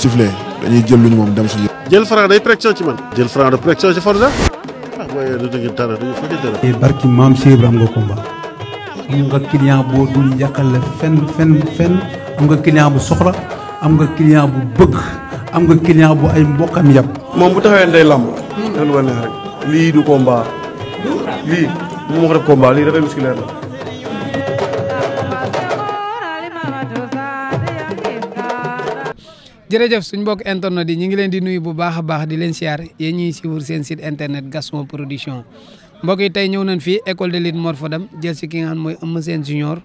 sifflé dañuy jël lu ñu moom dem suñu. jël franc day pression ci man. jël franc de pression ci Forza. ah mooy lu dëgg dara du fa dara. Eh, barki maam Cheikh Ibrahima am nga combat. boo dul yàqal fenn fenn fenn am nga client bu soxla am nga client bu bëgg am nga client bu ay mbokkam yàpp. moom bu taxawee day lamb. lii du combat. lii mu wax rek combat lii dafay musculaire la. jërëjëf suñ mbokk internet yi ñu ngi leen di nuyu bu baax baax di leen siyaar yéen ñuy suivre seen site internet Gaston Production mbokk yi tey ñëw nañ fii école de lutte Mor Fadam jël si ki nga xam mooy Eumeu Sène junior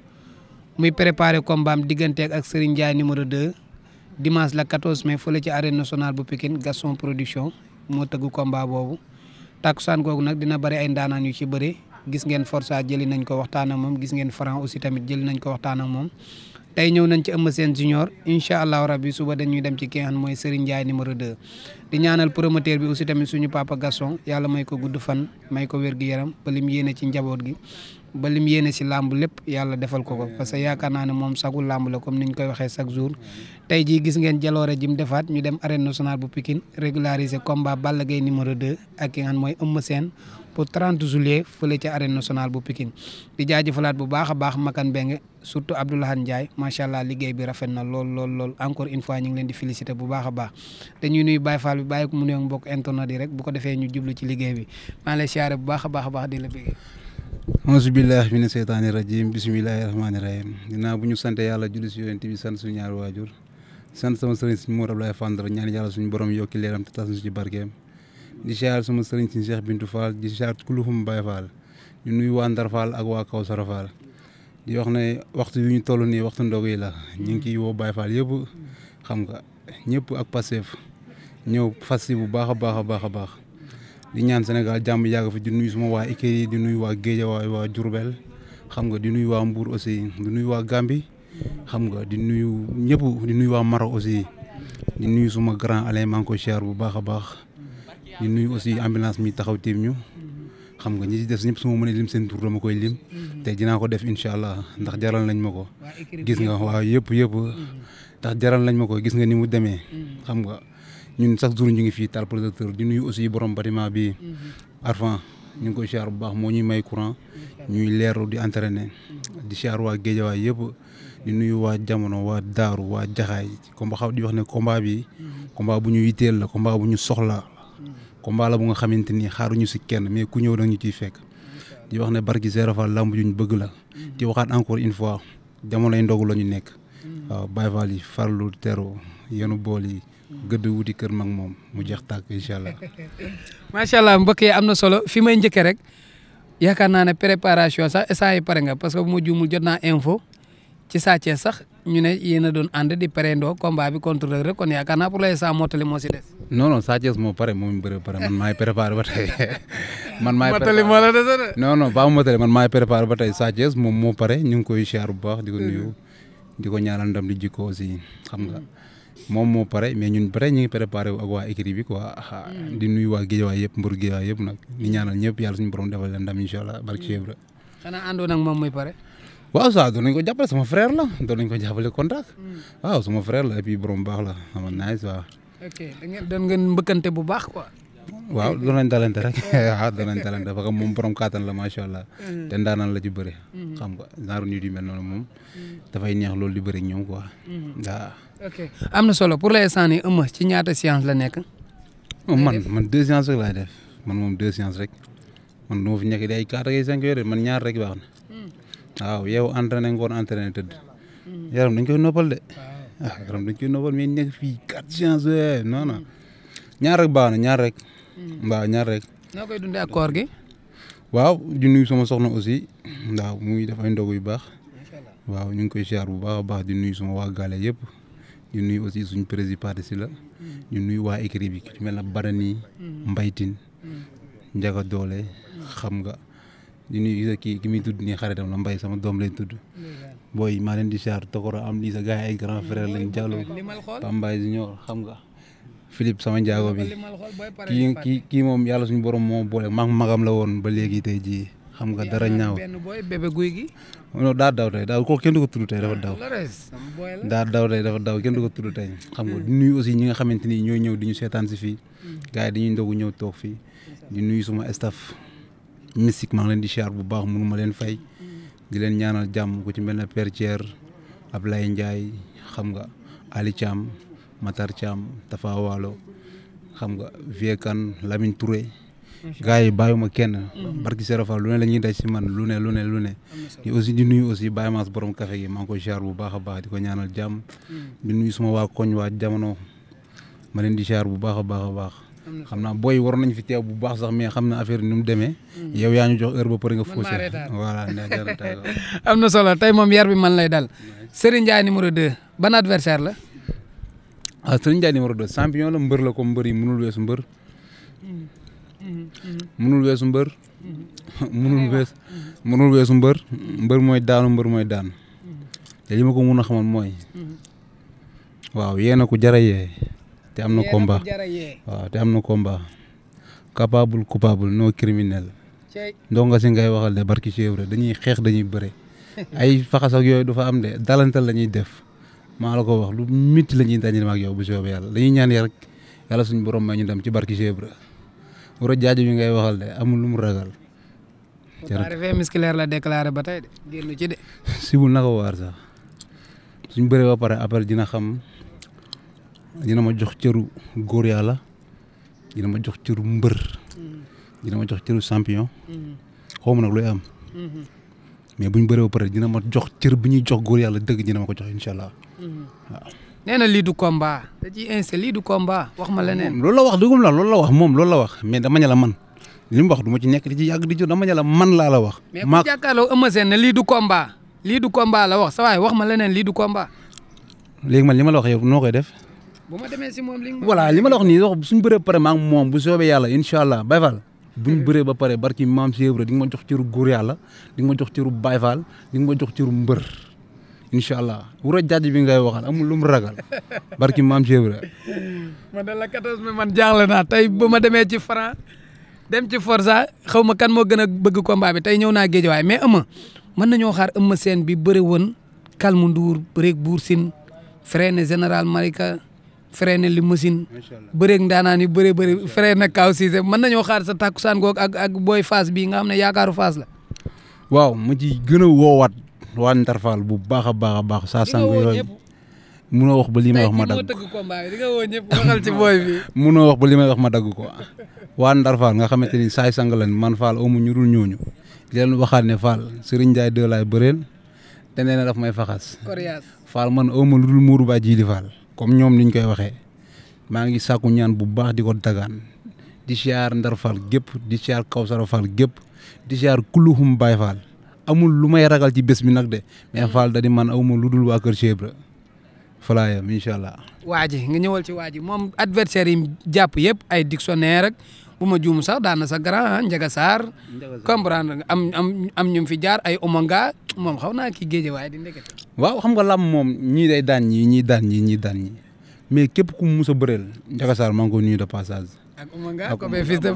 muy préparé combat am digganteeg ak Serigne Ndiaye numéro 2 dimanche la 14 mai fële ci arène nationale bu Pikine Gaston Production moo tëggu combat boobu takkusaan kooku nag dina bëri ay ndaanaan yu ci bëri gis ngeen forsa jëli nañ ko waxtaan ak moom gis ngeen Franc aussi tamit jëli nañ ko waxtaan ak moom. tey ñëw nañ ci Eumeu Sène junior incha allahu rabbi suba dañuy dem ci kenn mooy Serigne Ndiaye numéro de di ñaanal promoteur bi aussi tamit suñu papa Gaston yàlla may ko gudd fan may ko wér gu yaram ba lim yéene ci njaboot gi. ba lim yéene si làmb lépp yàlla defal ko ko parce que yaakaar naa ne moom sagu làmb la comme ni ñu koy waxee chaque jour tey ji gis ngeen jaloore jim defaat ñu dem arène nationale bu Pikine régulariser combat Balla Gaye numéro 2 ak ki nga xam mooy ba 30 juillet fële ca arène nationale bu Pikine di jaajëfalaat bu baax a baax Makan Bengue surtout Abdoulahan Ndiaye macha allah liggéey bi rafet na lool lool lool encore une fois ñu ngi leen di féliciter bu baax a baax dañuy nuyu Baye Fall bi ko mu nuyoog mbokk internet ci liggéey bi maa ngi lay siyaare bu baax a baax a baax di la bëggee. auzu billaahi mina seytaani rajiim bismillaahi rahmaani rahiim ginnaaw bu ñu sant yàlla julli si yonent bi sant suñu ñaari waajur sant sama sëriñ si Mor Abdoulaye Fandara ñaan yàlla suñu borom yokki leeram te di ziar suma sëriñ si Cheikh Bintou Fall di ziar kuluhum Baye Fall di nuyu waa Ndar Fall ak waa Kawsara Fall di wax ne waxtu yu ñu toll nii waxtu ndog yi la ñu ngi ciy woo Baye Fall yëpp xam nga ñëpp ak Pastef ñëw fas bu baax a baax a baax a baax di ñaan Sénégal jàmm yàgg fi di nuy suma waa Ikeri yi di nuyu waa géej Guédiawaye waa Diourbel xam nga di nuyu waa mbuur aussi di nuyu waa Gambie xam nga di nuyu ñëpp di nuyu waa Maroc aussi di nuyu suma grand Alain maa bu baax a baax. ñu nuyu aussi ambulance mi taxaw tiim ñu xam nga ñi ci des ñëpp su ma mënee lim seen tur dama koy lim te dinaa ko def incha allah ndax jaral nañ ma ko gis nga waaw yëpp yëpp ndax jaral nañ ma ko gis nga ni mu demee xam nga ñun chaque jour ñu ngi fii tal producteur di nuyu aussi borom bâtiment bi Arfan ñu ngi koy siyaar bu baax moo ñuy may courant ñuy leeru di entraîner di siyaar waa Géejawaay yëpp di nuyu waa jamono waa daaru waa jaxaay combat xaw di wax ne combat bi bu ñu yitteel la combat ñu soxla combat la bu nga xamante ni xaaruñu si kenn mais ku ñëw da ñu ciy fekk di wax ne barki Zéro Fall lamb juñ bëgg la di waxaat encore une fois jamonoy ndogu la ñu nekk waaw Baye Fall yi farlu teru yenu bool yi gëdd wuti kër mag moom mu jeex tàkk incha allah. macha allah mbokk am na solo fi may njëkkee rek yaakaar naa ne préparation sax saa yi pare nga parce que bu ma jot naa info ci Sa sax ñu ne yéen a doon ànd di pareendoo combat bi contre Reug Reug kon yaakaar naa pour l'instant mottali moo si des. non non Sa Thiès moo pare moom bëri pare man maay préparé ba tey man maay mottali moo la dese de. non non ba mottali man maay préparé ba tey Sa Thiès moom moo pare ñu ngi koy siyaar bu baax di ko mm. nuyu di ko ñaanal ndam di jikko aussi xam nga moom moo pare mais ñun pare ñu ngi préparé ak waa écrit bi quoi mm. di nuyu waa Guédiawaye yëpp mbër Guédiawaye yëpp nag di ñaanal ñëpp yàlla suñu borom defal leen ndam incha allah barke Cheikh Ibra xanaa àndoon ak moom muy pare waaw saa doon nañu ko jàppale sama frère la doon nañu ko jàppale contact. Mm. waaw sama frère la et puis borom baax la xam nga nice da ngeen doon ngeen mbëkkante bu baax quoi. waaw doon nañ talante rek waaw doon nañ talante parce que moom borom kàttan la macha allah. Mm. te ndaanaan la ci bëri. Mm-hmm. xam nga genre nit di mel noonu moom. Mm. dafay neex loolu di bëri ak ñoom quoi. Mm-hmm. waaw. ok am na solo pour l'instant nii ëmb ci ñaata séance la nekk. Oh, man man deux séances rek laay def man moom deux séances rek man du ma fi nekk di ay quatre ak ay cinq man ñaar rek baax na. waaw yow entraîné ngoon entraîné tëdd. yaram dañ koy noppal de. ah yaram dañ koy noppal mais nekk fii quatre séances eh, non non ñaar rek baax na ñaar rek. mbaa mm. ñaar rek. noo koy dundee ak gi. waaw di nuyu sama soxna aussi waaw mu ngi def ndog yu baax. waaw ñu ngi koy char bu baax a baax di nuyu sama waa gaale yëpp. ñu nuyu aussi suñu président parti si la. ñu mm. nuyu waa écrit bi ku ci mel ne Barani. Mm. Mbaytin. Njaga Doole xam nga. di nuyu kii ki muy tudd nii xaritam la mbay sama doom lañ tudd. booy maa leen di siyaar Tokoro am lii sa gars yi ay grand frère lañ Diallo Pambaay Junior xam nga. Philippe sama njaago bi kii kii kii moom yàlla suñu borom moo boole mag magam la woon ba léegi tey jii xam nga dara ñaaw. non daa daw tey daa ko kenn du ko tudd tey dafa daw. daa daw tey dafa daw kenn du ko tudd tey xam nga di nuyu aussi ñi nga xamante ni ñooy ñëw di seetaan si fii. Mm. gars yi dañuy ndogu ñëw toog fii di nuyu suma staff. mystique maa leen di siyaar bu baax mënu ma leen fay mm. di leen ñaanal jàmm ku ci mel ne Père Thier Ablaye Ndiaye xam nga Ali Thiam Matar Thiam Tafa Waalo xam nga Vieux Kane Lamine Touré. gaa yi bàyyiwuma kenn. Mm. barki Serapha lu ne la ñuy daj si man lu ne lu ne lu ne. di aussi di nuyu aussi Baye Mass borom café gi maa ngi koy ziar bu baax a baax di ko ñaanal jàmm. Mm. di nuyu suma waa koñ waa jamono ma leen di ziar bu baax a baax a baax. xam naa booy war nañ fi teew bu baax sax mais xam na affaire ni mu demee. Mm. yow yaa ñu jox heure ba pare nga faussé. voilà am na solo tey moom yar bi man lay dal Serigne Ndiaye numéro 2 ban adversaire la. ah Serigne Ndiaye numéro 2 champion la mbër la comme mbër yi mënul weesu mbër. mënul weesu mbër. Mm-hmm. Mm-hmm. Mm-hmm. mënul weesu mbër. mbër mooy daanu mbër mooy daan. te ma ko mun a xamal mooy. waaw yee na ko jar te am na komba waaw te am na combat capable coupable non criminel ndongo si ngay waxal de barki chèvre dañuy xeex dañuy bëre ay faxas yooyu du fa am de dalantal la ñuy def maa la ko wax lu métti la ñuy dajale ak bu soobee yàlla dañuy ñaan rek yàlla suñu borom ma ñu dem ci barki chèvre war a bi ngay waxal de amul lu mu ragal. jërëjëf musculaire la ba tey de génn ci de. siwul naka waar sax suñu bëree pare après dina xam. dina ma jox cëru góor yàlla dina ma jox cëru mbër dina ma jox cëru champion ma nag looy am mais bu ñu bëree ba pare dina ma jox cër bi ñuy jox góor yàlla dëgg dina ma ko jox incha allah waaw na lii du combat da ciy insé lii du combat wax ma leneen loolu la wax dëggum la loolu la wax moom loolu la wax mais dama ña la man li du ma ci nekk di ci yàgg di jur dama ña man laa la wax mais bu lii du combat lii du combat la wax sa waay wax ma leneen lii du combat léegi man li ma la wax yow noo koy def bu ma demee si moom li voilà li ma la wax nii wax suñu bëree ba pare maa ngi moom bu soobee yàlla incha allah Baye Fall buñ bëree ba pare barki maam Cheikh Ibra di nga ma jox cëru góor yàlla di nga ma jox cëru Baye Fall di nga ma jox cëru mbër incha allah wuro jaaj bi ngay waxal amul lu mu ragal barki maam Cheikh Ibra man de la 14 mai man jaaxle naa tey bu ma demee ci Franc dem ci Forza xaw ma kan moo gën a bëgg combat bi tey ñëw naa géej waaye mais ëmma mën ñëw xaar ëmma seen bi bëri woon Kalmu Ndour rek Bour Sine général Malika freiné limousine. macha allah bëreeg ndaanaan yu bëree bëri freiné Kaw Cissé mën nañoo xaar sa takkusaan googu ak ak booy Fass bii nga xam ne yaakaaru Fass la. waaw ma ci gën a woowaat waa Ndarfaal bu baax a baax a baax saa sànq yooyu. munoo wax ba li may wax ma dagg ko di nga woo ñëpp waxal li may wax ma dagg ko waa Ndar nga xamante ni saay sang lan man Fall amu ñu dul ñooñu di leen waxaat ne Fall Serigne Ndiaye deux laay bëreel na daf may faxas. Coriace man amu lu dul Mourou Ba Djili Fall. comme ñoom niñ koy waxee maa ngi sàkku ñaan bu baax di ko dagaan di siyaar Ndar Fall gépp di siyaar Kawsara Fall gépp di siyaar kulluhum Baay Fall amul lu may ragal ci bés mi nag de mais Fall da di man awma lu dul waa Kër Cheikh Ibra falaa yem allah. waa ji nga ñëwal ci waa ji moom adversaire yi jàpp yëpp ay dictionnaire ak bu ma juum sax daan na sa grand Ndiaga Sarr. comprendre nga am am am ñu fi jaar ay Omanga moom xaw naa kii géeje waaye di ndeket. waaw xam nga làmb moom ñii day daan ñii ñii daan ñii ñii daan ñii mais képp ku mu mus a bëreel Ndiaga Sarr maa ngi ko nuyu de passage. ak Omanga ko fils de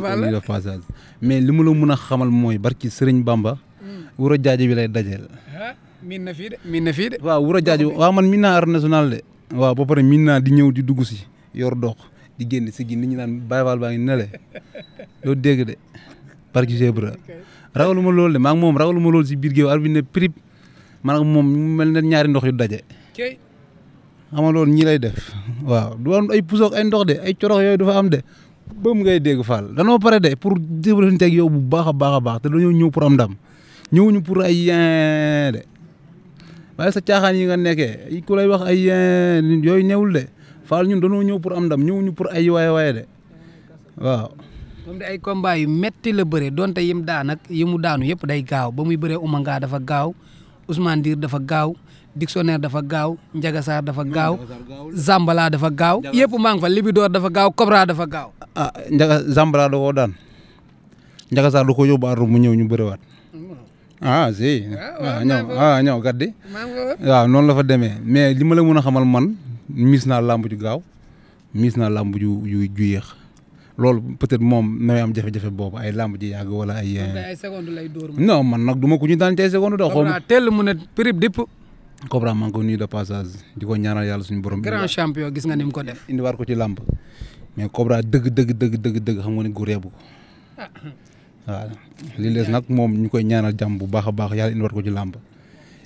mais li ma la mën a xamal mooy barki Serigne Bamba. Mm. wuro jaaje bi lay dajeel. miin fii de miin na fii de. waaw Wuro Jaajo waaw man miin naa de. waaw ba pare miin di ñëw di dugg si yor dox di génn si gi nit ñi naan Baye Fall baa ngi nele loo dégg de barki Zebra lool loolu de maa moom moom ragaluma loolu si biir géew arbitre ne prip man moom ñu mel ne ñaari ndox yu daje. xam nga loolu ñii lay def waaw du am ay pusoog ay ndox de ay corox yooyu dafa am de bëm ngay dégg Fall danoo pare de pour jëflanteeg yow bu baax a baax a baax te dañoo ñëw pour am ndam ñëwuñu pour ay de. waaye sa caaxaan yi nga nekkee ku lay wax ay eh, yooyu ñëwul de Fall ñun dañoo ñëw pour am ndam ñëwuñu pour ay waaye waaye de waaw. moom de ay combat yu metti la bëre donte yim daan yi mu daanu yëpp day gaaw ba muy bëree Oumanga dafa gaaw Ousmane Dir dafa gaaw Dictionnaire dafa gaaw Ndiaga Sarr dafa gaaw Zambala dafa gaaw yëpp maa ngi fa Libidoor dafa gaaw Cobra dafa gaaw. ah Ndiaga Zambala da koo daan Ndiaga Sarr da koo mu ñëw ñu bëriwaat. ah si waaw ñëw ah ñëw gat di waaw noonu la fa demee mais li ma la mën a xamal man miis naa làmb ju gaaw miis naa làmb ju ju ju yéex loolu peut-être moom na am jafe-jafe boobu ay làmb ji yàgg wala ay. Euh, ay seconde lay dóor non man nag du ma ku ñu daan ci ay seconde. xaw ma teel mu ne prib dipp. Cobra maa ko nuyu de passage di ko ñaanal yàlla suñu borom. grand champion gis nga ni mu ko def. indiwaat ko ci làmb mais Cobra dëgg dëgg dëgg dëgg dëgg xam nga ne góor yebbu ah, waaw li nag moom ñu koy ñaanal jàmm bu baax a baax yàlla indiwaat ko ci làmb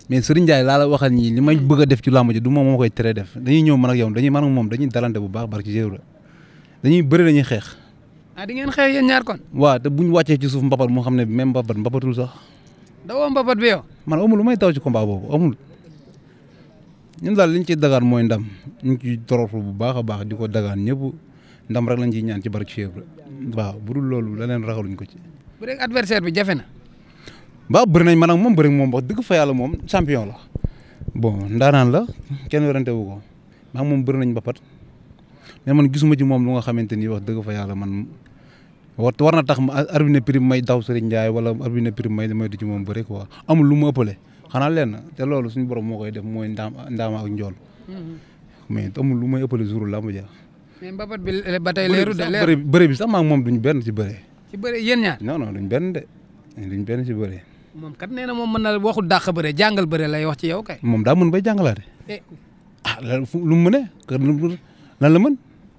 mais Serigne Ndiaye laa la waxal ñii li may bëgg def ci làmb du moom moo koy tere def dañuy ñëw man ak yow dañuy man ak moom dañuy dalante bu baax barki jéeru dañuy bëri dañuy xeex. ah di ngeen xeex yéen ñaar kon. waaw te buñ wàccee ci suuf mbapat moo xam ne même mbapat mbapatul sax. dawoo mbapat bi yow. man amul lu may taw ci combat boobu amul ñun daal liñ ci dagaan mooy ndam ñu ci torop bu baax baax di ko dagaan ñëpp ndam rek lañ ciy ñaan ci barki jéeru waaw bu dul loolu leneen raxaluñ ko ci bu dee adversaire bi jafe na. waaw bëri nañ man ak moom bëri moom wax dëgg fa yàlla moom champion la bon ndaanaan la kenn werante wu ko maa moom bëri nañ mbapat mais man gisuma ci moom lu nga xamante ni wax fa yàlla man war war na tax ma arbitre prix may daw Serigne Ndiaye wala arbitre prix may may du ci moom bëri quoi lu ma ëppale xanaa lenn te loolu suñu borom moo koy def mooy ndaam ndaama ak njool. Mm-hmm. mais amul lu may ëppale jour la am ja. mais mbapat bi ba tey leeru de bi sax maa moom duñ benn si bëree. ci bëre yéen ñaar. non non duñ benn de duñ benn ci moom kat nee na moom mën na waxul dàq bëre jàngal bëre lay wax ci yow kay. moom daa mën bay jàngalaate. Eh. a ah, lan fu lu mu mënee kër la mën.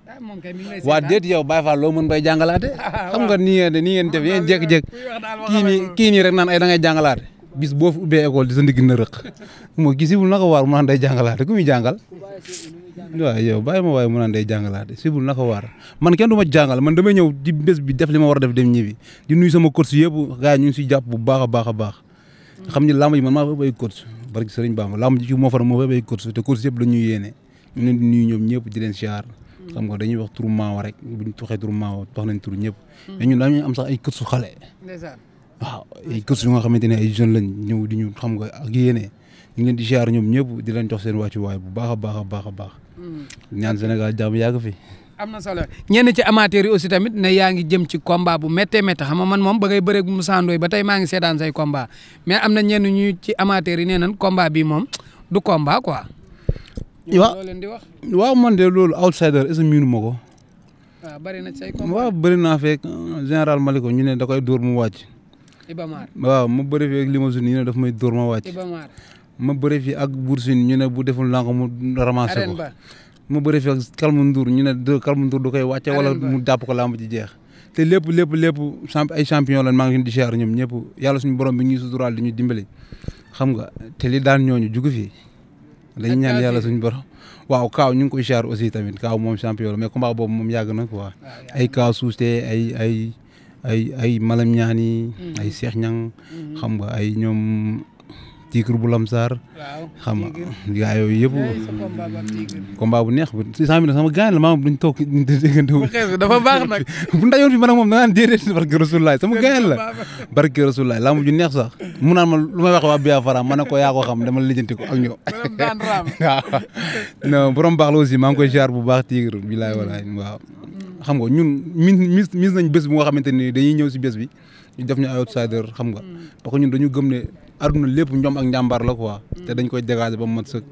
Ah, moom kay mi ngi lay seetaan waa déet yow Baye loo mën bay jàngalaate. Ah, xam nga nii ngeen nii ngeen def yéen jékki-jékki. kii nii kii nii rek naan ay da ngay jàngalaate. bis boo fi ubbee école di sa ndigg na rëq moo na naka waar mu naan day jàngalaate ku muy jàngal waaw yow bàyyi ma waaye mu naan day jàngalaate sibul na ko waar man kenn du ma jàngal man damay ñëw di bés bi def li ma war a def dem ñibbi di nuyu sama coach yëpp gars yi ñu ngi siy jàpp bu baax a baax a baax xam ni làmb ji man maa fa bay coach barki sëriñ Bamba làmb ji ci moo far moo fa bay coach te coach yëpp la ñuy yéene ñu leen di nuyu ñoom ñëpp di leen siyaar xam nga dañuy wax turu maawa rek bu ñu waxee turu maawa wax nañ turu ñëpp hmm. mais ñun dañuy am sax ay coach xale waaw ay coach yu nga xamante ne ay jeune lañ ñëw di ñu xam nga ak yéene ñu ngi leen di siyaar ñoom ñëpp di leen jox seen wàccuwaay bu baax a baax a baax a baax ñaan Sénégal jàmm yàgg fi. am na solo ñenn ci amateurs yi aussi tamit ne yaa ngi jëm ci combat bu méttee méttee xam nga man moom ba ngay mu Moussa Ndoye ba tey maa ngi seetaan say combat mais am na ñenn ñu ci amateurs yi nee nañ combat bi moom du komba quoi. waaw di wax. waaw man de loolu outsider est-ce miinu ma ko. waaw bëri na say combat waaw bëri naa fekk général Maliko ñu ne da koy dóor mu wàcc. Ibamar waaw mu bëri fekk limousine ñu ne daf may dóor ma wàcc. ma bëre fi ak Boursine ñu ne bu deful lànk mu ramassé ko ma bëre fi ak Kalmu Ndour ñu ne de Kalmu Ndour du koy wàcce wala mu jàpp ko làmb ji jeex te lépp lépp lépp champ ay champion lan maa ngi di siyaar ñoom ñëpp yàlla suñu borom bi ñu suturaal di ñu dimbali xam nga te li daan ñooñu jug fi dañu ñaan yàlla suñu borom waaw kaaw ñu ngi koy siyaar aussi tamit kaaw moom champion la mais combat boobu moom yàgg na quoi ah, ay kaaw suuste ay ay ay ay malam ñaani mm-hmm. ay seex ñang mm-hmm. xam nga ay ñoom Tigre bu Lamsaar. waaw xam nga gaa yooyu yëpp. combat bu neex bu cent mille sama gaañ la maam duñ toog duñ déggante wu. dafa baax nag. bu ndajoon fi man ak moom da naan déedéet barke Rasulullaah sama gaañ la barke Rasulullaah laa mujj neex sax mu naan ma lu may wax waa Biafra ma ne ko yaa ko xam dama lijjanti ko ak ñoom. waaw non borom baax la aussi maa ngi koy ziar bu baax Tigre bilaay walaay waaw. xam nga ñun min mis mis nañ bés bu nga xamante ni dañuy ñëw si bés bi ñu def ñu ay xam nga mm. aduna lépp ñoom ak njàmbaar la quoi. te dañ koy dégager ba mu mat sëkk.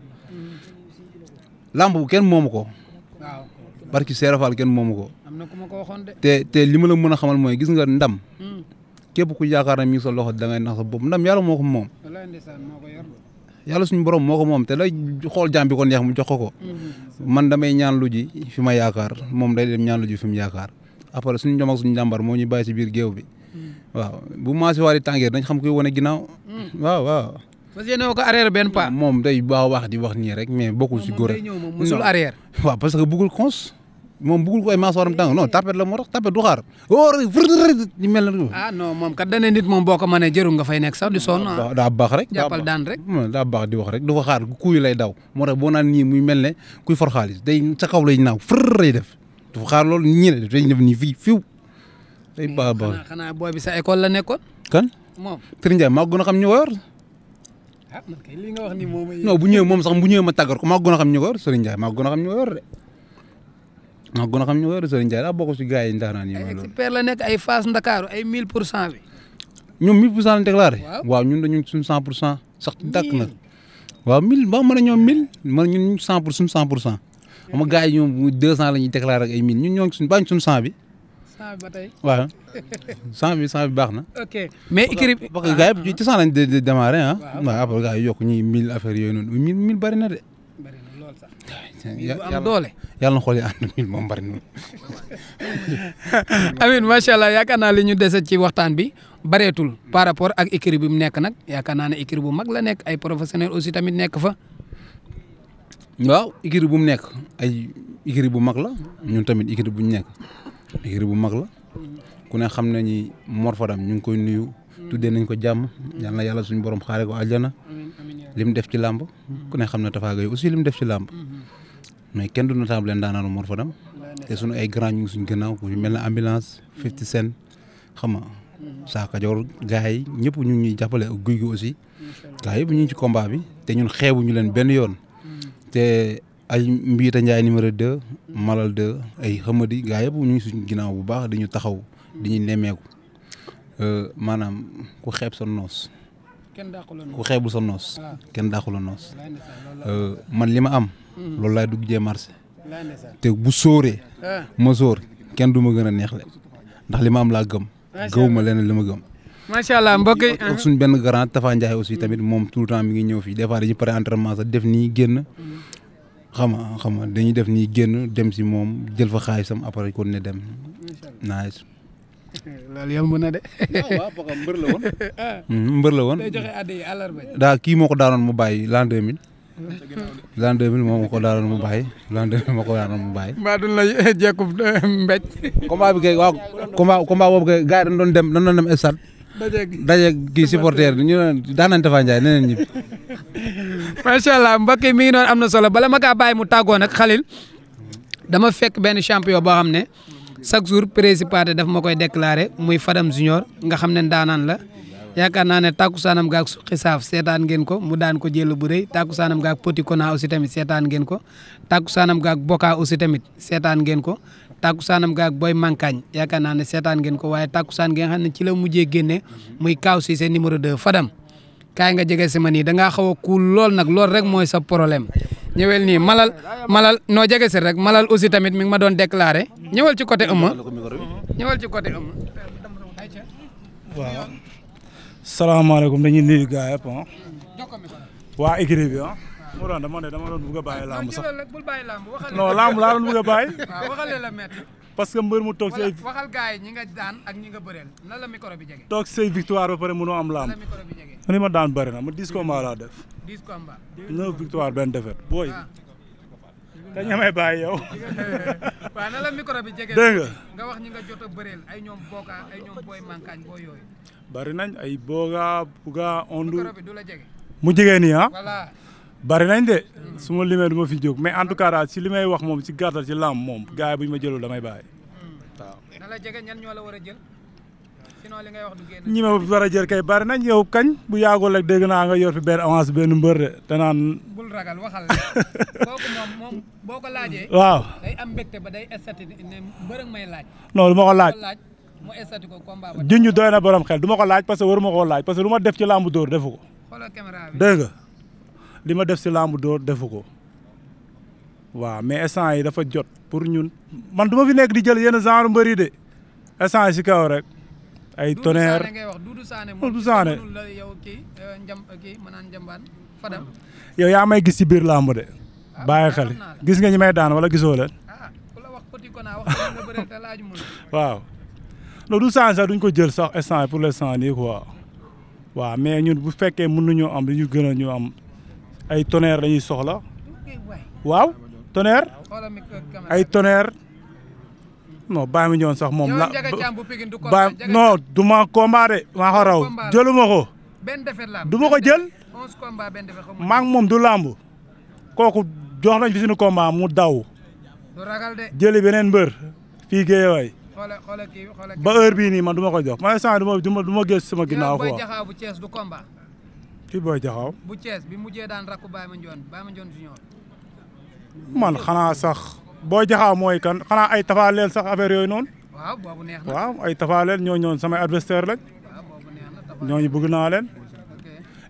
làmb bu kenn moomu ko. waaw barki Serafal kenn moomu ko. am na ku ma ko waxoon te te li ma la mën a xamal mooy gis nga ndam. Hmm. képp ku yaakaar ne mi ngi sa loxo dangay nax sa bopp ndam yàlla moo ko moom. yàlla suñu borom moo ko moom te day xool jaam bi ko neex mu jox ko ko. Hmm. man damay ñaan lu ji fi ma yaakaar moom day dem ñaan lu ji fi mu yaakaar après suñu ñoom ak suñu njàmbaar moo ñuy bàyyi si biir géew bi. waaw bu maasi waari tàngeer dañ xam kuy wane ginnaaw. Hmm. waaw waaw. parce que yéen ko arrière benn pas. moom day baax wax di wax nii rek mais bokkul si góor a. moom musul arrière. waaw parce que bëggul cons. moom bëggul ko ay maas waram tàng non tapet la moo tax du xaar. Oh, mel na. ah non moom kat dane nit moom boo ko mënee jëru nga fay nekk sax di sonn. Ah. daa baax rek jàppal daan rek. Hmm, daa baax di wax rek du ko xaar kuy lay daw moo tax boo naan nii muy mel ne kuy for xaalis day sa kaw lay naaw fër lay def du ko fii fiw ay baabaaw xanaa xanaa booy bi sa école la nekkoon. kan. moom Serigne Ndiaye maa gën a xam ñu ko yor. li nga wax ni moom non bu ñëwee moom sax bu ñëwee ma tàggat ko maa gën a xam ñu ko yor Serigne Ndiaye maa gën a xam ñu ko yor de. maa gën a xam ñu ko yor Serigne Ndiaye daa bokk si gars yi ndaanaan yi. la nekk ay Fass Ndakaaru ay 1000 pour cent bi. ñoom 1000 pour cent lañ déclaré. waaw waaw ñun dañu suñu 100 pour cent. sax dàkk na waaw 1000 waaw mën na ñoom 1000 ma ñun 100 pour suñu 100 pour cent. xam nga gars la ñuy déclaré ak ay 1000 ñun ñoo ngi suñu bi waaw sang bi sang bi baax na. ok mais écrit gars yi ci sang lañ di démarré ah. waaw après gars yi yokk ñuy mille affaires yooyu noonu mille mille bëri na de. bëri na lool sax. am doole yàlla na xool yi ànd mille moom bëri na. Amine macha allah yaakaar naa li ñu dese ci waxtaan bi bareetul. par rapport ak écrit bi mu nekk nag yaakaar naa ne écrit bu mag la nekk ay professionnels aussi tamit nekk fa. waaw écrit bu mu nekk ay écrit bu mag la ñun tamit écrit bu ñu nekk. écurie bu mag la ku ne xam na ni Mor Fadam ñu ngi koy nuyu. tuddee nañ ko jàmm. yal na yàlla suñu borom xaaree ko àjjana. lim def ci làmb. ku ne xam na Tapha Gueye aussi lim def ci làmb. mais kenn du notable leen daanaanu Mor Fadam. te suñu ay grand ñu suñ suñu gannaaw ku mel na ambulance. fifty cent xam nga saa kajoor gars yi ñëpp ñu ngi jàppale ak guy gi aussi. gars yëpp ñu ci combat bi te ñun xeebuñu leen benn yoon. ay Mbiita Ndiaye numéro de Malal de ay xamadi gaa yëpp ñu ngi suñu ginnaaw bu baax dañu taxaw. dañuy nemmeeku euh, maanaam ku xeeb sa noos. ku xeebul sa noos. kenn dàqul la noos. Ah. Euh, man li ma am. Hmm. loolu laay dugg jee marché. te bu sóoree. Ah. ma sóor kenn du ma gën a neex le ndax li ma am laa gëm. gëw ma leneen a ma gëm. macha allah mbokk yi ak suñ benn grand Tafa Ndiaye aussi tamit moom tout le temps mi ngi ñëw fii des fois dañuy pare entraînement sax def nii génn. Hmm. xam nga xam nga dañuy def nii génn dem si moom jël fa xaalisam après kon ne dem. nice loolu yomb na de. mbër la woon. Hmm, mbër la woon. daa kii moo ko daanoon mu bàyyi l'an 2000. l'an 2000 moo ko daanoon mu bàyyi l'an 2000 moo ko daanoon mu baay mbaa duñ la jékku euh, mbéj. combat bi boobu kay gars yi dañ dem dañ doon dem stade. daje kii supporter ñu daan nañ Tafa Ndiaye macha allah mbokk yi mi am na solo bala ma kaa bàyyi mu tàggoo nag Khalil dama fekk benn champion boo xam ne chaque jour précipité daf ma koy déclaré muy Fadam Junior nga xam ne ndaanaan la yaakaar naa ne takkusaanam gaak suqi saaf seetaan ngeen ko mu daan ko jël bu rëy takkusaanam gaak Petit Kona aussi tamit seetaan ngeen ko takkusaanam gaak Boka aussi tamit seetaan ngeen ko. takkusaanam gaak Boy Mankagne yaakaar naa ne seetaan ngeen ko waaye takkusaan gi nga xam ci la mujjee génne muy Kaaw Cissé numéro Fadam. kaay nga jege si ma nii da ngaa xaw a kuul lool nag lool rek mooy sa problème ñëwel nii malal malal noo jege si rek malal aussi tamit mi ngi ma doon déclaré ñëwal ci côté ëmma ñëwal ci côté ëmma waaw salaamaaleykum ah. waa écrit bi ah mu doon dama doon bëgg a bàyyi lamb sax non lamb laa doon bëgg a parce que mbër mu toog say. waxal gars ñi nga daan ak ñi nga bëreel bi jege. toog say victoire ba pare mënoo am la micro bi ma ni ma daan bëri na ma dix combats def. dix victoire benn défaite. booy ah. te ñamay bàyyi yow. waaw ay ñoom ay booga buga ondu. mu jege nii ah. bari nañ de su ma limee du fi jóg mais en tout cas daal ci li may wax moom ci gàttal ci làmb moom gars yi bu ñu ma jëlul damay bàyyi waaw. Mm. la jege ñan ñoo la war a jël sinon ngay wax du génn. ñi kay bari nañ yow kañ bu yàggul rek dégg naa nga yor fi benn avance benn mbër de te naan. bul ragal waxal ko laajee. waaw day am mbégte ba day estati ne mbër laaj. non du ma ko laaj. mu estati ko doy na borom xel du ko laaj parce que waru ma koo laaj parce que ma def ci làmb door defu ko. xoolal caméra li ma def si làmb dóor defu ko waaw mais essence yi dafa jot pour ñun man du ma fi nekk di jël yenn genre mbëri de essence si kaw rek. ay tonnerre Doudou Sané Doudou Sané euh, yow yaa may gis si biir làmb de ah, bàyyi xel gis nga ñu may daan wala gisoo leen ah, waaw loolu Doudou sax duñ ko jël sax instant pour l'instant nii quoi waaw mais ñun bu fekkee mën nañoo am li ñu gën a am ay tonnerre lañuy soxla waaw tonnerre ay tonnerre non baa mi ñoon sax moom la ba non du ma combat de maa ko raw jëluma ko du ma ko jël maa ngi moom du làmb kooku jox nañ fi suñu combat mu daw jëli beneen mbër fii Guédiawaye ba heure bii nii ko jox ma instant du ma du ma gës sama ginnaaw kii booy jaxaw bu Thiès bi mu mujjee daan rakku Baye Mandione Baye Mandione junior man xanaa sax booy jaxaw mooy kan xanaa ay tafaaleel sax affaire yooyu noon waaw neex na ay tafaaleel ñoo ñoon samay adversaire lañ. ñooñu bëgg naa leen.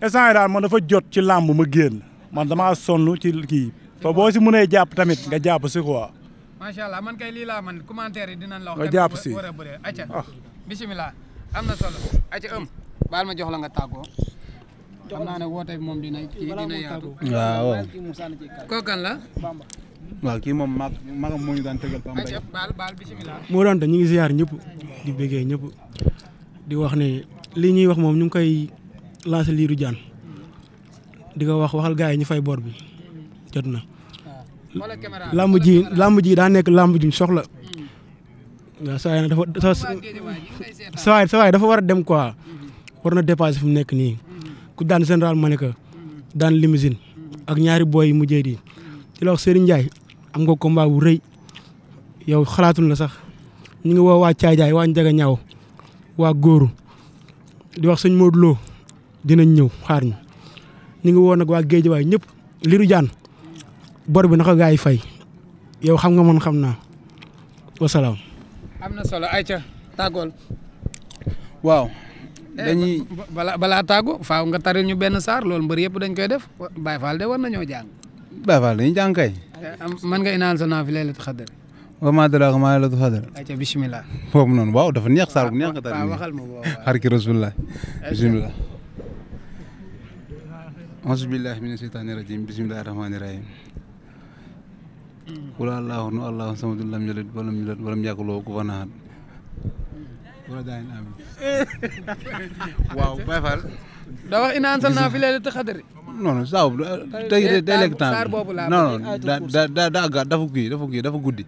instant yi daal man dafa jot ci làmb ma génn man damaa sonn ci kii. boo si munee jàpp tamit nga jàpp si quoi. macha man kay lii laa man commentaire yi dinañ la wax. nga jàpp si war a ah. bisimilah am na solo acca ëm baal ma jox la nga tàggoo. xam naa kii moom mag magam moo ñu daan tëgal Bambey. ngi ziar ñëpp di bëggee ñëpp di wax ne li ñuy wax moom ñu ngi koy lancer liiru jaan di ko wax waxal gars yi ñu fay bor bi jot na. Ah, làmb ji làmb jii daa nekk làmb ji soxla. Hmm. waaw dafa war a dem quoi war na dépassé fu mu nekk nii. ku daan général Malika daan limousine ak ñaari booy yi mujjee di di la am nga combat bu rëy yow xalaatul la sax ñu ngi woo waa Caay Jaay waa Njaga Ñaaw waa Góoru di wax sëñ Modou Lo dinañ ñëw xaar ñu ñu ngi woo nag waa Géejawaay ñëpp liru jaan bor bi naka gaay fay yow xam nga man xam naa wasalaam. na solo Eh, dañuy balaa balaa faaw nga taril ñu benn saar loolu mbër yëpp dañ koy def Baye Fall de war nañoo jàng. Baye Fall dañuy jàng kay. Eh, man nga inaan sa naaf laylatul xadr. wa maa adraaka maa laylatul xadr. ayca bisimilah. boobu noonu waaw dafa neex saar bu neex nga taril. waaw waxal ma boobu waaw xarki rasulullah bisimilah. auzu billahi mina shaytaani rajim bismillahi rahmaani rahim. qul allahu nu waaw Baye Fall da wax inaan sal naa fi leen te xadari non non saa euh, tey day lekk temps bi non non da da da àgga dafa kii dafa kii dafa guddi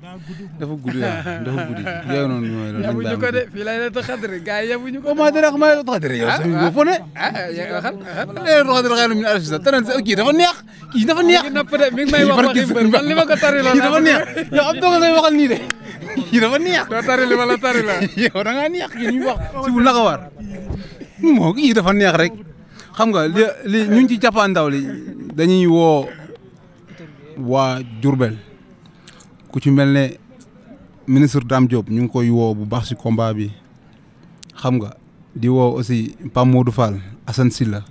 dafa guddi waaw dafa guddi yooyu noonu mooy loolu yabuñu ko de fii lay ta xadari gars yi yabuñu ko ma dara ma ta kii dafa neex kii dafa neex napp de mi ngi may wax waxi mbër man li ma ko tari loolu dafa neex yow ab dogal say waxal nii de kii doo tari li ma la tari la kii ñu wax ci bu war moo kii dafa neex rek xam nga li li ñu ngi ci jàppandaw li dañuy woo waa Diourbel ku ci mel ne ministre Dame Diop ñu ngi koy woo bu baax si combat bi xam nga di woo aussi Pam Modou Fall Assane Sylla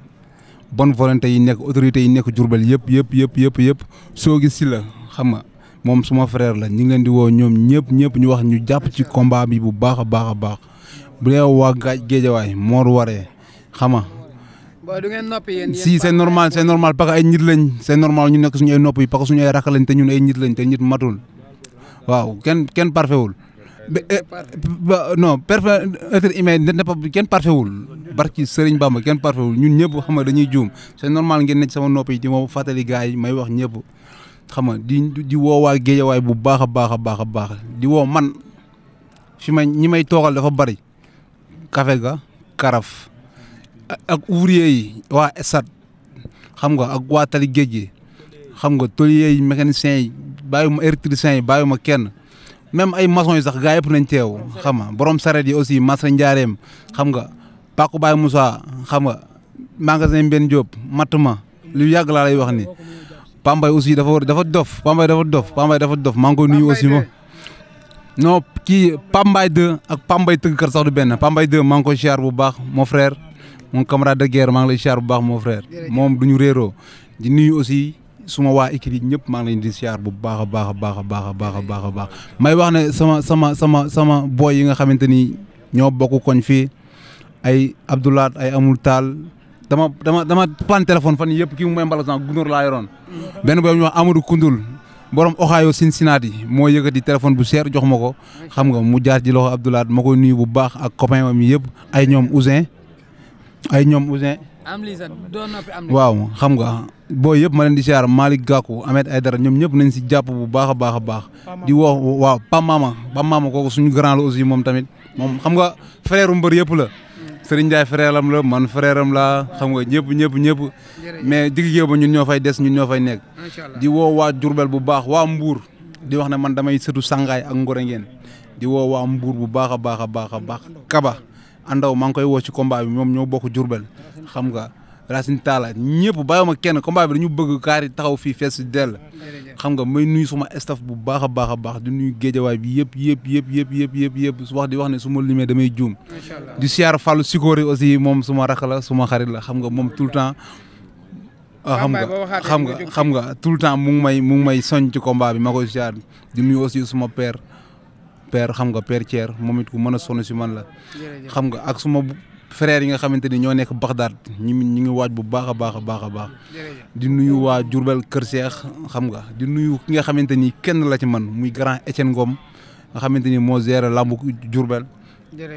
bonne volonté nekk autorités yi nekk Diourbel yëpp yëpp yëpp yëpp yëpp soo gis Sylla xam nga moom suma frère la ñu ngi leen di woo ñoom ñëpp ñëpp ñu wax ñu jàpp ci combat bi bu baax a baax a baax bu dee waa Géejawaay Mor Waree xama booy du ngeen noppi yéen si c'est normal c'est normal parce que ay nit lañ c'est normal ñu nekk suñu ay nopp yi parce que suñu ay rakk lañ te ñun ay nit lañ te nit matul waaw kenn kenn parfait wul. Eh, non parfait être humain kenn parfait wul barki Serigne Bamba kenn parfait wul ñun ñëpp xam dañuy juum c'est normal ngeen nekk sama nopp di ma fàttali gars yi may wax ñëpp xam di di woo waa Géejawaay bu baax a baax a baax a di woo man fi may ñi may toogal bari kafe ga karaf. ak ouvrier yi waa ESAT xam nga ak waa tali géej gi xam nga tôlier yi mécanicien yi bàyyiwuma électricien yi bàyyiwuma kenn même ay maçon yi sax gaa yëpp nañ teew xam nga borom sareet yi aussi Massa Ndiarème xam nga Paku Baye musa xam nga magasin Mbène Diop matt ma lu yàgg laa lay wax ni Pambay aussi dafa dafa dof Pambay dafa dof Pambay dafa dof maa ngi koy nuyu aussi moom. non kii Pambay 2 ak Pambay tëggkat sax du benn Pambay 2 maa ngi siyaar bu baax mon frère mon camarade de guerre maa ngi lay siyaar bu baax mon frère moom du ñu réeroo di nuyu aussi suma waa équipe yi ñëpp maa ngi leen di siyaar bu baax a baax a baax a baax a baax a baax a baax may wax ne sama sama sama sama boy yi nga xamante ni ñoo bokk koñ fii ay Abdoulaat ay Amul Taal dama dama dama pan téléphone fan yëpp kii mu may mbalasan gunóor laa yoroon mm. benn boobu ñu wax Amadou Koundoul borom Ohio Cincinnati moo yëkkati téléphone bu seer jox ma ko xam nga mu jaar ji loxo Abdoulaat ma koy nuyu bu baax ak copain yëpp ay ñoom Ousin ay ñoom Ouzin. am am. waaw xam nga boo yëpp ma leen di siyaar Malick Gakou ay dara ñoom ñëpp nañ si jàpp bu baax a baax a baax. di wax waaw Pam Mama Pam Mama kooku suñu grand aussi moom tamit moom xam nga frère mbër yëpp la. Serigne Ndiaye frère am la man frère am la xam nga ñëpp ñëpp ñëpp. mais digg-géew ñun ñoo fay des ñun ñoo fay nekk. di woo waa Diourbel bu baax waa Mbour. di wax ne man damay sëtu sangaay ak ngoro ngeen di woo waa Mbour bu baax a baax a baax a baax Kaba. andaw maa ngi koy woo ci combat bi moom ñoo bokk Jurbel xam nga Racine Talla ñëpp bàyyiwuma kenn combat bi dañu bëgg kaar yi taxaw fii fees si dell xam nga may nuyu suma staff bu baax a baax a baax di nuyu géejawaay bi yëpp yëpp yëpp yëpp yëpp yëpp yëpp wax di wax ne su ma limee damay juum di siyaar Fallou Sikori aussi moom suma rakk la suma xarit la xam nga moom tout le temps ah, xam nga xam nga xam nga tout le temps mu ngi may mu ngi may soñ ci combat bi ma koy siyaar di nuyu aussi suma père père xam nga père Thier moom it ku mën a sonn si man la. xam nga ak suma frère yi nga xamante ni ñoo nekk Baxdaad ñi ñu ngi waaj bu baax a baax a baax a baax. di nuyu waa Diourbel Kër Seex xam nga di nuyu ki nga xamante ni kenn la ci man muy grand Etienne Ngom nga xamante ni moo gérer lambu Diourbel.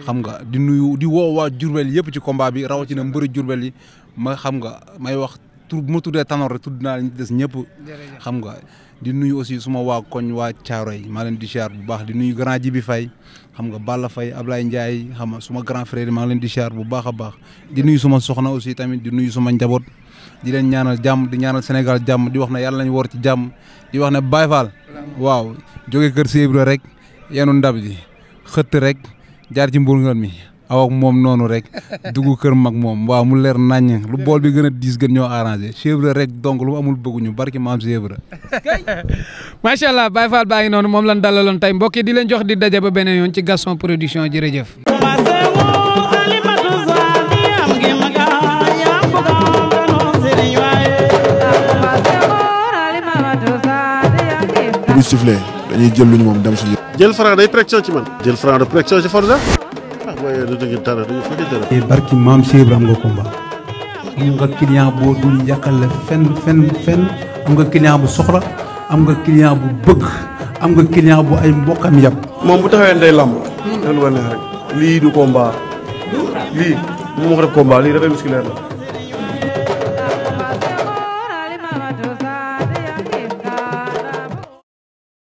xam nga di nuyu di woo waa Diourbel yëpp ci combat bi rawatina mbëri Diourbel yi ma xam nga may wax tur bu ma tuddee Tanor rek tudd naa des ñëpp. xam nga. di nuyu aussi suma waa koñ waa yi maa leen di siyaar bu baax di nuyu grand Jibi fay xam nga Balla Faye Ablaye Ndiaye xam nga suma grand frère maa leen di siyaar bu baax a baax di nuyu suma soxna aussi tamit di nuyu suma njaboot di leen ñaanal jàmm di ñaanal Sénégal jàmm di wax na yàlla nañu woor ci jàmm di wax na Baye Fall waaw jóge kër Sèye rek yenu ndab ji xëtt rek jaar ci mbuur mi. aw moom noonu rek dugg kër mag moom waaw mu leer naññ lu bool bi gën a diis gën ñoo arrangé chèvre rek donc lu mu amul bëgguñu barki maam chèvre. macha allah Baye Fall baa ngi noonu moom lan dalaloon tey mbokk di leen jox di daje ba beneen yoon ci Gaston Production jërëjëf. bu ñu sifflé dañuy jël lu ñu moom dem jël franc day man. jël franc de pression ci Forza. waaye du tëgg dara du fa dara. Eh, barki maam Cheikh Ibrahima am nga combat. boo dul yàqale fenn fenn fenn am nga client bu soxla am nga client bu bëgg am nga client bu ay mbokkam yàpp. moom bu taxawee day làmb. lii du combat. lii mu ma ko def combat lii dafay musculaire la.